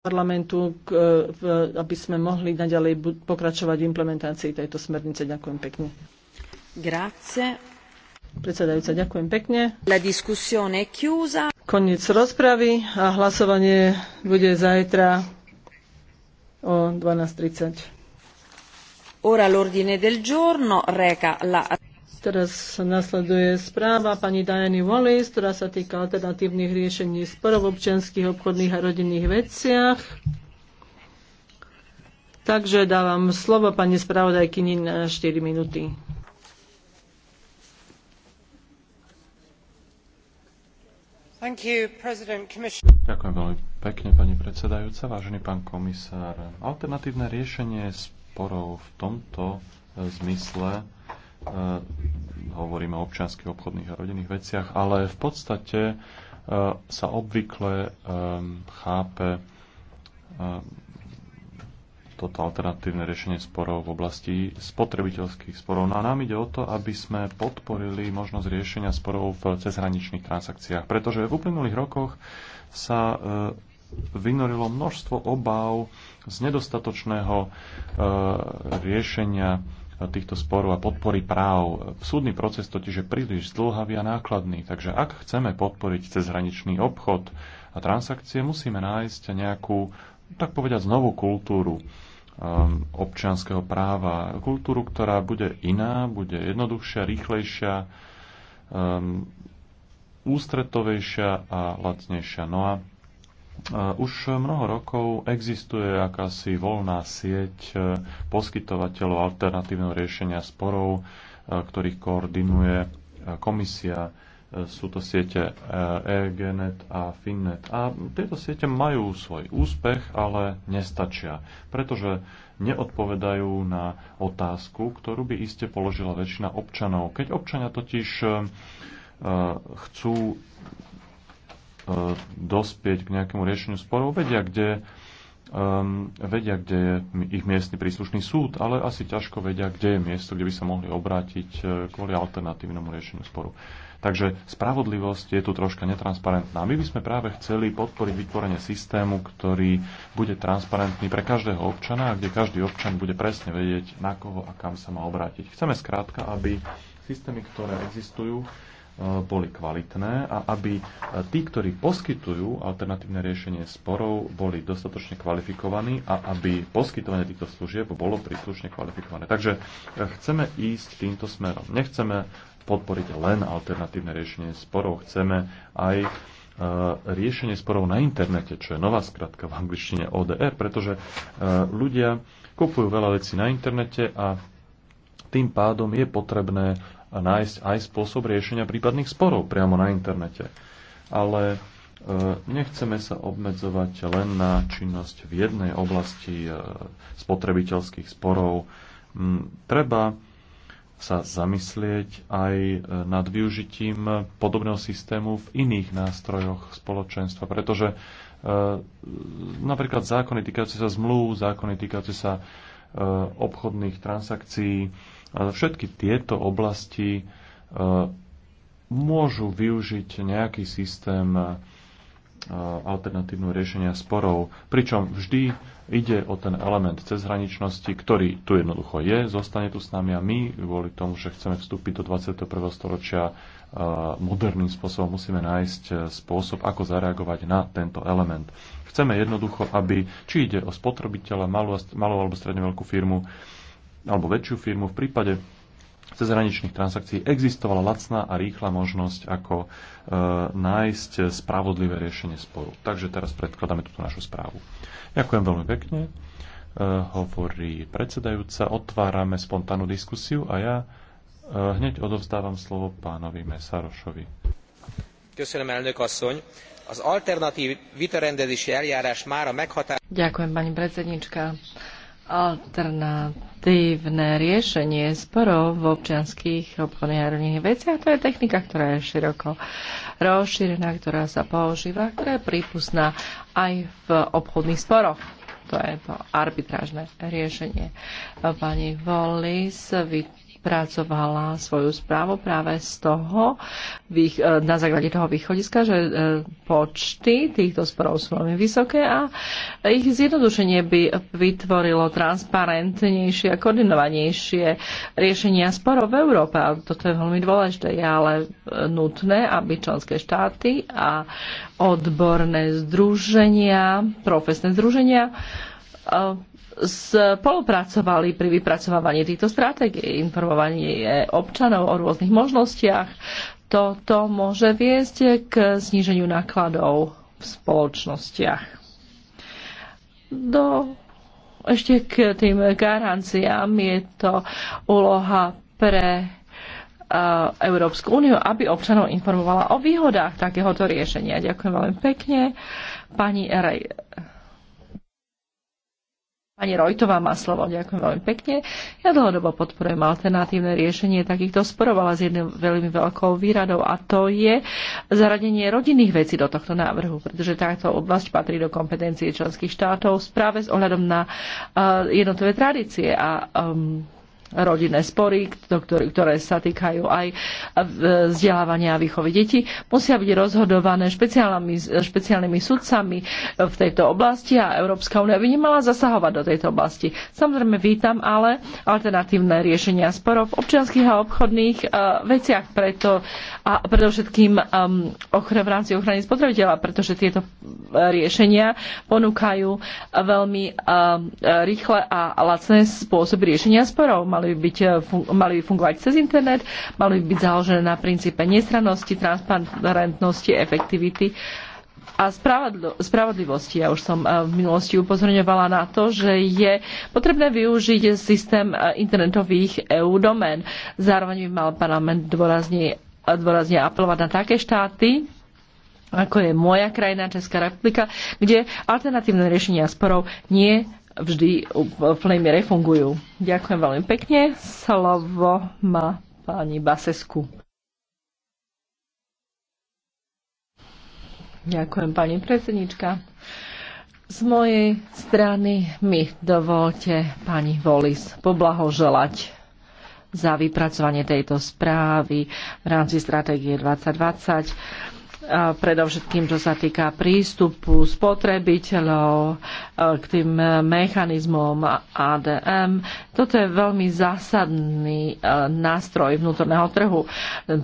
parlamentu, k, e, v, aby sme mohli naďalej pokračovať v implementácii tejto smernice. Ďakujem pekne. Grazie. Predsedajúca, ďakujem pekne. La discussione chiusa. Koniec rozpravy a hlasovanie bude zajtra o 12.30. Ora l'ordine del giorno reca la Teraz nasleduje správa pani Diany Wallis, ktorá sa týka alternatívnych riešení sporov v občianských, obchodných a rodinných veciach. Takže dávam slovo pani spravodajkyni na 4 minúty. You, Ďakujem veľmi pekne, pani predsedajúca, vážený pán komisár. Alternatívne riešenie sporov v tomto e, zmysle E, hovoríme o občianských, obchodných a rodinných veciach, ale v podstate e, sa obvykle e, chápe toto alternatívne riešenie sporov v oblasti spotrebiteľských sporov. No a nám ide o to, aby sme podporili možnosť riešenia sporov v cezhraničných transakciách, pretože v uplynulých rokoch sa vynorilo množstvo obáv z nedostatočného riešenia týchto sporov a podpory práv. Súdny proces totiž je príliš zdlhavý a nákladný, takže ak chceme podporiť cezhraničný obchod a transakcie, musíme nájsť nejakú, tak povedať, novú kultúru um, občianského práva. Kultúru, ktorá bude iná, bude jednoduchšia, rýchlejšia, um, ústretovejšia a lacnejšia. No a už mnoho rokov existuje akási voľná sieť e, poskytovateľov alternatívneho riešenia sporov, e, ktorých koordinuje e, komisia. Sú to siete EGNet a Finnet. A tieto siete majú svoj úspech, ale nestačia, pretože neodpovedajú na otázku, ktorú by iste položila väčšina občanov. Keď občania totiž chcú E, dospieť k nejakému riešeniu sporov, vedia, kde, um, vedia, kde je ich miestny príslušný súd, ale asi ťažko vedia, kde je miesto, kde by sa mohli obrátiť e, kvôli alternatívnemu riešeniu sporu. Takže spravodlivosť je tu troška netransparentná. My by sme práve chceli podporiť vytvorenie systému, ktorý bude transparentný pre každého občana a kde každý občan bude presne vedieť, na koho a kam sa má obrátiť. Chceme skrátka, aby systémy, ktoré existujú, E, boli kvalitné a aby e, tí, ktorí poskytujú alternatívne riešenie sporov, boli dostatočne kvalifikovaní a aby poskytovanie týchto služieb bolo príslušne kvalifikované. Takže e, chceme ísť týmto smerom. Nechceme podporiť len alternatívne riešenie sporov, chceme aj riešenie sporov na internete, čo je nová skratka v angličtine ODR, pretože ľudia kupujú veľa vecí na internete a tým pádom je potrebné nájsť aj spôsob riešenia prípadných sporov priamo na internete. Ale e, nechceme sa obmedzovať len na činnosť v jednej oblasti e, spotrebiteľských sporov. Treba sa zamyslieť aj e, nad využitím podobného systému v iných nástrojoch spoločenstva, pretože napríklad zákony týkajúce sa zmluv, zákony týkajúce sa Eh, obchodných transakcií. Všetky tieto oblasti eh, môžu využiť nejaký systém alternatívnu riešenia sporov, pričom vždy ide o ten element cezhraničnosti, ktorý tu jednoducho je, zostane tu s nami a my kvôli tomu, že chceme vstúpiť do 21. storočia moderným spôsobom, musíme nájsť e, spôsob, ako zareagovať na tento element. Chceme jednoducho, aby či ide o spotrebiteľa, malú, malú alebo stredne veľkú firmu, alebo väčšiu firmu, v prípade cezhraničných transakcií existovala lacná a rýchla možnosť, ako e, nájsť spravodlivé riešenie sporu. Takže teraz predkladáme túto našu správu. Ďakujem veľmi pekne, e, hovorí predsedajúca. Otvárame spontánnu diskusiu a ja e, hneď odovzdávam slovo pánovi Mesarošovi. elnök asszony! Az alternatív vitarendezési eljárás már a Ďakujem, pani predsednička alternatívne riešenie sporov v občianských obchodných a rovných veciach. To je technika, ktorá je široko rozšírená, ktorá sa používa, ktorá je prípustná aj v obchodných sporoch. To je to arbitrážne riešenie. Pani vy vypracovala svoju správu práve z toho, e, na základe toho východiska, že e, počty týchto sporov sú veľmi vysoké a ich zjednodušenie by vytvorilo transparentnejšie a koordinovanejšie riešenia sporov v Európe. A toto je veľmi dôležité. Je ale e, nutné, aby členské štáty a odborné združenia, profesné združenia spolupracovali pri vypracovávaní týchto stratégií, informovanie občanov o rôznych možnostiach. Toto môže viesť k zníženiu nákladov v spoločnostiach. Do, ešte k tým garanciám je to úloha pre Európsku úniu, aby občanov informovala o výhodách takéhoto riešenia. Ďakujem veľmi pekne. Pani Erej, Pani Rojtová má slovo, ďakujem veľmi pekne. Ja dlhodobo podporujem alternatívne riešenie takýchto sporov, ale s jednou veľmi veľkou výradou a to je zaradenie rodinných vecí do tohto návrhu, pretože táto oblasť patrí do kompetencie členských štátov práve s ohľadom na uh, jednotlivé tradície a um, rodinné spory, ktoré sa týkajú aj e, vzdelávania a výchovy detí, musia byť rozhodované špeciálnymi, špeciálnymi sudcami e, v tejto oblasti a Európska únia by nemala zasahovať do tejto oblasti. Samozrejme vítam ale alternatívne riešenia sporov v občianských a obchodných e, veciach preto, a predovšetkým v rámci ochrany spotrebiteľa, pretože tieto riešenia ponúkajú veľmi rýchle a lacné spôsoby riešenia sporov mali, byť, eh, mali fungovať cez internet, mali by byť založené na princípe nestrannosti, transparentnosti, efektivity a spravodlivosti. Ja už som eh, v minulosti upozorňovala na to, že je potrebné využiť systém eh, internetových EU domén. Zároveň by mal parlament dôrazne, dôrazne apelovať na také štáty, ako je moja krajina, Česká republika, kde alternatívne riešenia sporov nie vždy v plnej miere fungujú. Ďakujem veľmi pekne. Slovo má pani Basesku. Ďakujem, pani predsednička. Z mojej strany mi dovolte pani Volis poblahoželať za vypracovanie tejto správy v rámci stratégie 2020 predovšetkým čo sa týka prístupu spotrebiteľov e, k tým mechanizmom ADM. Toto je veľmi zásadný e, nástroj vnútorného trhu.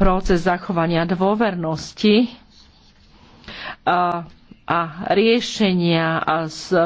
Proces zachovania dôvernosti e, a riešenia a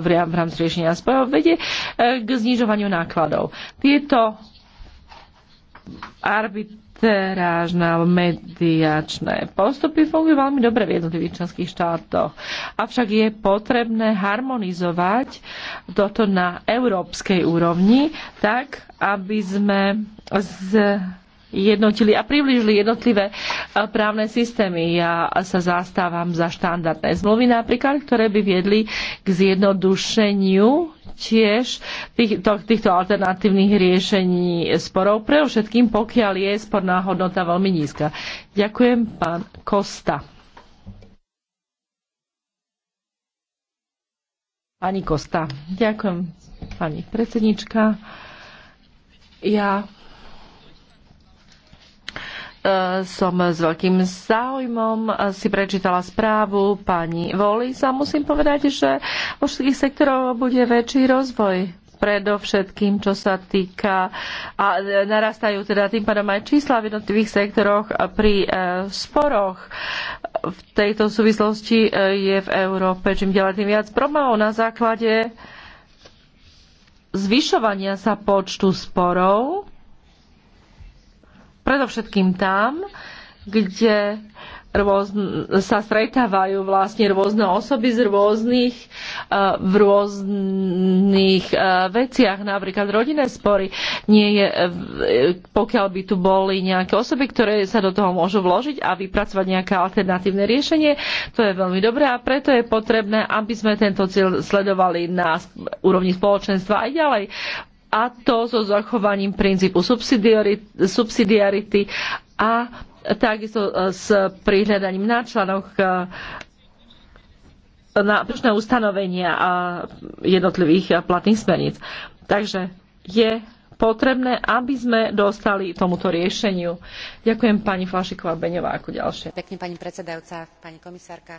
v rámci riešenia spojov vedie k znižovaniu nákladov. Tieto arbitrážne alebo mediačné postupy fungujú veľmi dobre v jednotlivých členských štátoch. Avšak je potrebné harmonizovať toto na európskej úrovni tak, aby sme z jednotili a približili jednotlivé e, právne systémy. Ja sa zastávam za štandardné zmluvy napríklad, ktoré by viedli k zjednodušeniu tiež tých, to, týchto alternatívnych riešení sporov, pre všetkým, pokiaľ je sporná hodnota veľmi nízka. Ďakujem, pán Kosta. Pani Kosta. Ďakujem, pani predsednička. Ja Eh, som s veľkým záujmom eh, si prečítala správu pani Voli a musím povedať, že vo všetkých sektoroch bude väčší rozvoj predovšetkým, čo sa týka a eh, narastajú teda tým pádom aj čísla v jednotlivých sektoroch pri e, sporoch. V tejto súvislosti je v Európe čím ďalej tým viac problémov na základe zvyšovania sa počtu sporov predovšetkým tam, kde sa stretávajú vlastne rôzne osoby z rôznych, e, v rôznych e, veciach, napríklad rodinné spory. Nie je, e, pokiaľ by tu boli nejaké osoby, ktoré sa do toho môžu vložiť a vypracovať nejaké alternatívne riešenie, to je veľmi dobré a preto je potrebné, aby sme tento cieľ sledovali na úrovni spoločenstva aj ďalej a to so zachovaním princípu subsidiarity a takisto e, s prihľadaním na članoch e, na príslušné ustanovenia a jednotlivých e, platných smerníc. Takže je potrebné, aby sme dostali tomuto riešeniu. Ďakujem pani Flašiková Beňová ako ďalšie. Pekne pani predsedajúca, pani komisárka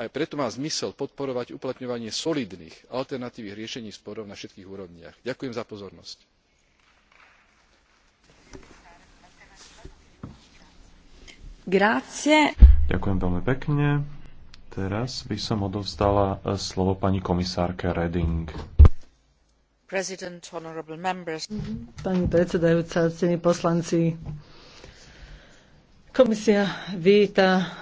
aj preto má zmysel podporovať uplatňovanie solídnych alternatívnych riešení sporov na všetkých úrovniach. ďakujem za pozornosť. Ďakujem veľmi pekne. Teraz by som odovzdala e, slovo pani komisárke Reding. Mhm. Pani predsedajúca, cení poslanci, komisia víta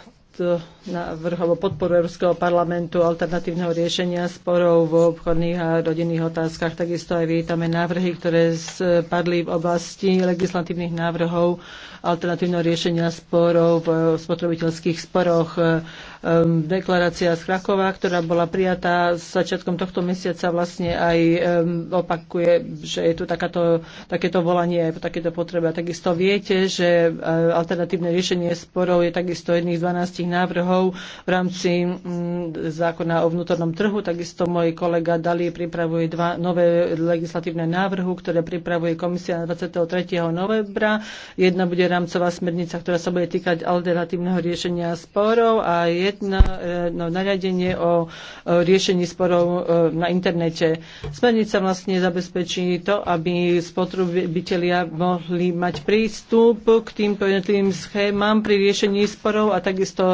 návrh podporu Európskeho parlamentu alternatívneho riešenia sporov v obchodných a rodinných otázkach. Takisto aj vítame návrhy, ktoré padli v oblasti legislatívnych návrhov alternatívneho riešenia sporov v spotrebiteľských sporoch. Ehm, deklarácia z Krakova, ktorá bola prijatá s začiatkom tohto mesiaca vlastne aj ehm, opakuje, že je tu takáto, takéto volanie aj po takéto potrebe. A takisto viete, že eh, alternatívne riešenie sporov je takisto jedných 12 návrhov v rámci mm, zákona o vnútornom trhu. Takisto môj kolega Dali pripravuje dva nové legislatívne návrhu, ktoré pripravuje komisia na 23. novembra. Jedna bude rámcová smernica, ktorá sa bude týkať alternatívneho riešenia sporov a je no, nariadenie o e, riešení sporov e, na internete. Smernica vlastne zabezpečí to, aby spotrebitelia mohli mať prístup k tým jednotlivým schémam pri riešení sporov a takisto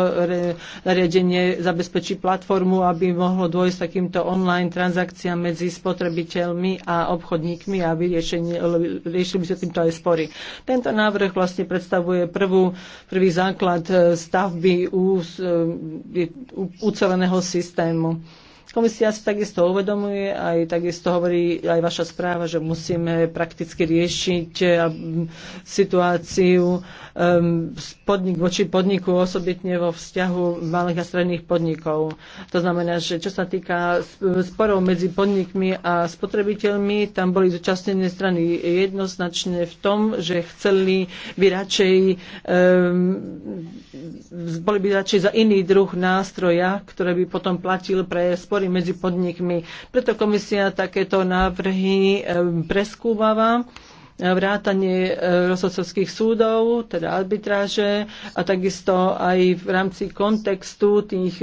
nariadenie zabezpečí platformu, aby mohlo dôjsť takýmto online transakciám medzi spotrebiteľmi a obchodníkmi a riešili by sa týmto aj spory. Tento návrh vlastne predstavuje prvú, prvý základ stavby uceleného systému. Komisia si takisto uvedomuje, aj takisto hovorí aj vaša správa, že musíme prakticky riešiť eh, situáciu ehm, podnik voči podniku, osobitne vo vzťahu malých a stredných podnikov. To znamená, že čo sa týka sporov medzi podnikmi a spotrebiteľmi, tam boli zúčastnené strany jednoznačne v tom, že chceli by radšej um, boli by radšej za iný druh nástroja, ktoré by potom platil pre spory vzťahovali medzi podnikmi. Preto komisia takéto návrhy preskúmava vrátanie e, rozhodcovských súdov, teda arbitráže a takisto aj v rámci kontextu tých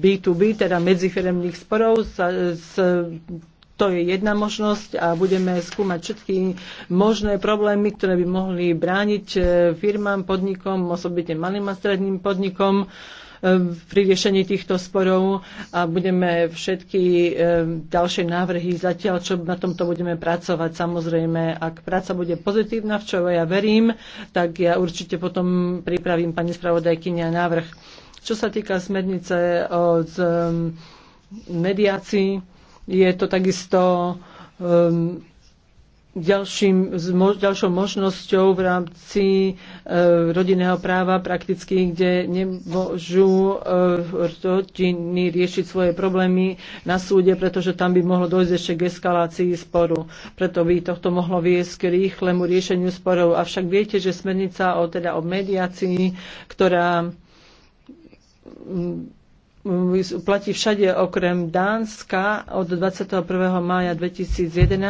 B2B, teda medzifiremných sporov sa, s to je jedna možnosť a budeme skúmať všetky možné problémy, ktoré by mohli brániť e, firmám, podnikom, osobitne malým a stredným podnikom pri riešení týchto sporov a budeme všetky e, ďalšie návrhy zatiaľ, čo na tomto budeme pracovať. Samozrejme, ak práca bude pozitívna, v čo ja verím, tak ja určite potom pripravím pani a návrh. Čo sa týka smernice od z, je to takisto um, ďalším, ďalšou možnosťou v rámci e, rodinného práva prakticky, kde nemôžu e, rodiny riešiť svoje problémy na súde, pretože tam by mohlo dojsť ešte k eskalácii sporu. Preto by tohto mohlo viesť k rýchlemu riešeniu sporov. Avšak viete, že smernica o, teda o mediácii, ktorá mm, platí všade okrem Dánska od 21. mája 2011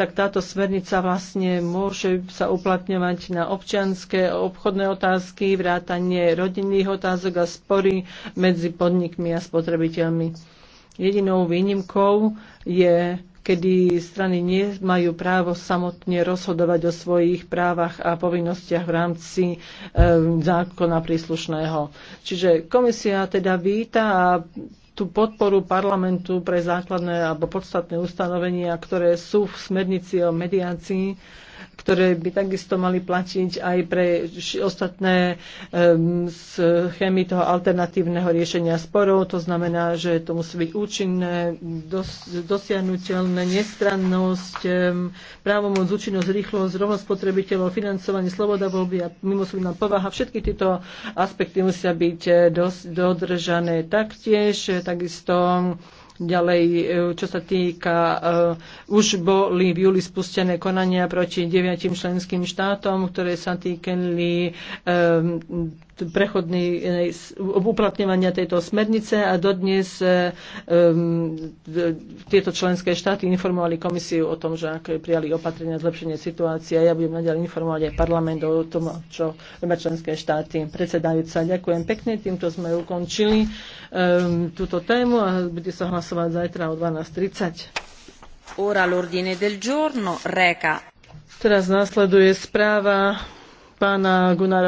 tak táto smernica vlastne môže sa uplatňovať na občianské obchodné otázky, vrátanie rodinných otázok a spory medzi podnikmi a spotrebiteľmi. Jedinou výnimkou je kedy strany nemajú právo samotne rozhodovať o svojich právach a povinnostiach v rámci e, zákona príslušného. Čiže komisia teda víta a tú podporu parlamentu pre základné alebo podstatné ustanovenia, ktoré sú v smernici o mediácii ktoré by takisto mali platiť aj pre ostatné schémy toho alternatívneho riešenia sporov. To znamená, že to musí byť účinné, dos, dosiahnutelné, nestrannosť, právomoc, účinnosť, rýchlosť, rovnosť spotrebiteľov, financovanie, sloboda voľby a mimosúdna povaha. Všetky tieto aspekty musia byť eh, dos, dodržané taktiež. Takisto Ďalej, e, čo sa týka, e, už boli v júli spustené konania proti deviatim členským štátom, ktoré sa týkali e, prechodný eh, uplatňovania tejto smernice a dodnes um, tieto členské štáty informovali komisiu o tom, že aké prijali opatrenia zlepšenie situácie. Ja budem naďalej informovať aj parlament o tom, čo robia členské štáty. Predsedajúca, ďakujem pekne. Týmto sme ukončili um, túto tému a bude sa hlasovať zajtra o 12.30. Ora l'ordine del giorno reca. Teraz následuje správa pána Gunara